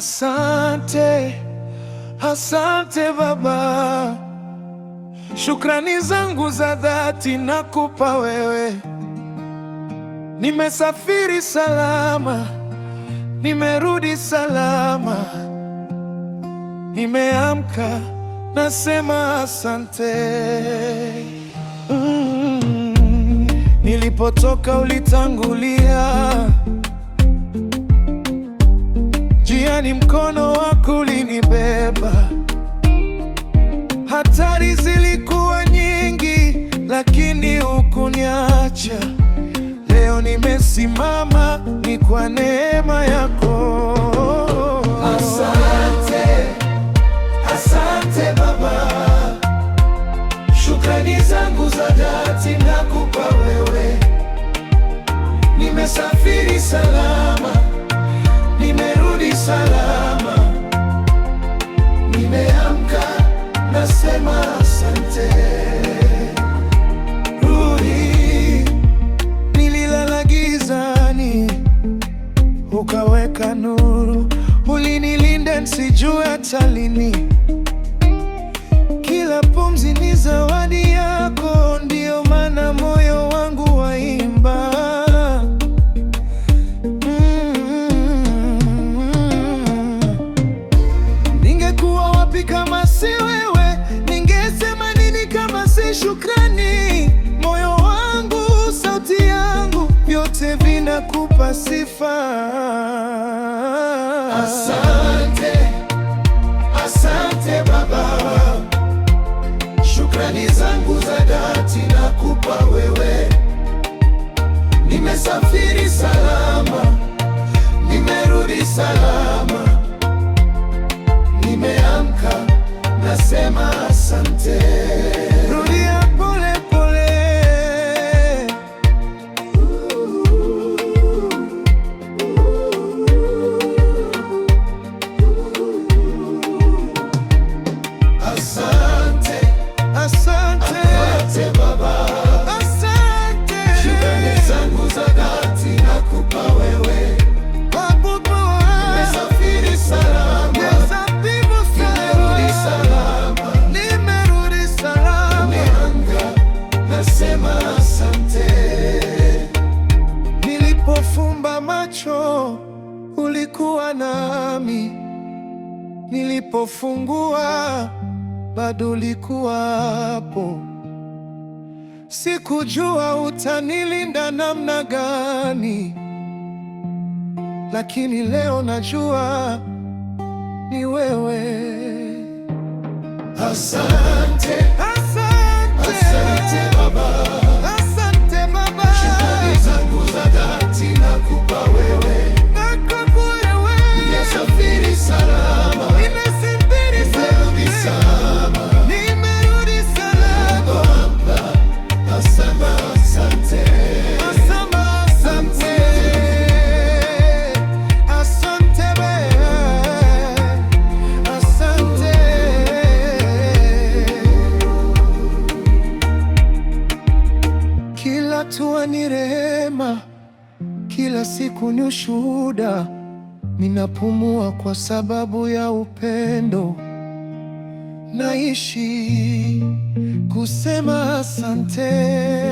Asante, asante Baba, shukrani zangu za dhati nakupa wewe. Nimesafiri salama, nimerudi salama, nimeamka nasema asante. Mm, nilipotoka ulitangulia ni yaani mkono wako ulinibeba. Hatari zilikuwa nyingi, lakini hukuniacha. Leo nimesimama, ni kwa neema yako. nuru, ulinilinda nsijue hata lini kukupa sifa. Asante. Nilipofungua bado ulikuwa hapo, sikujua utanilinda namna gani, lakini leo najua ni wewe. Asante, asante, asante Baba. rehema, kila siku ni ushuhuda. Ninapumua kwa sababu ya upendo, naishi kusema asante.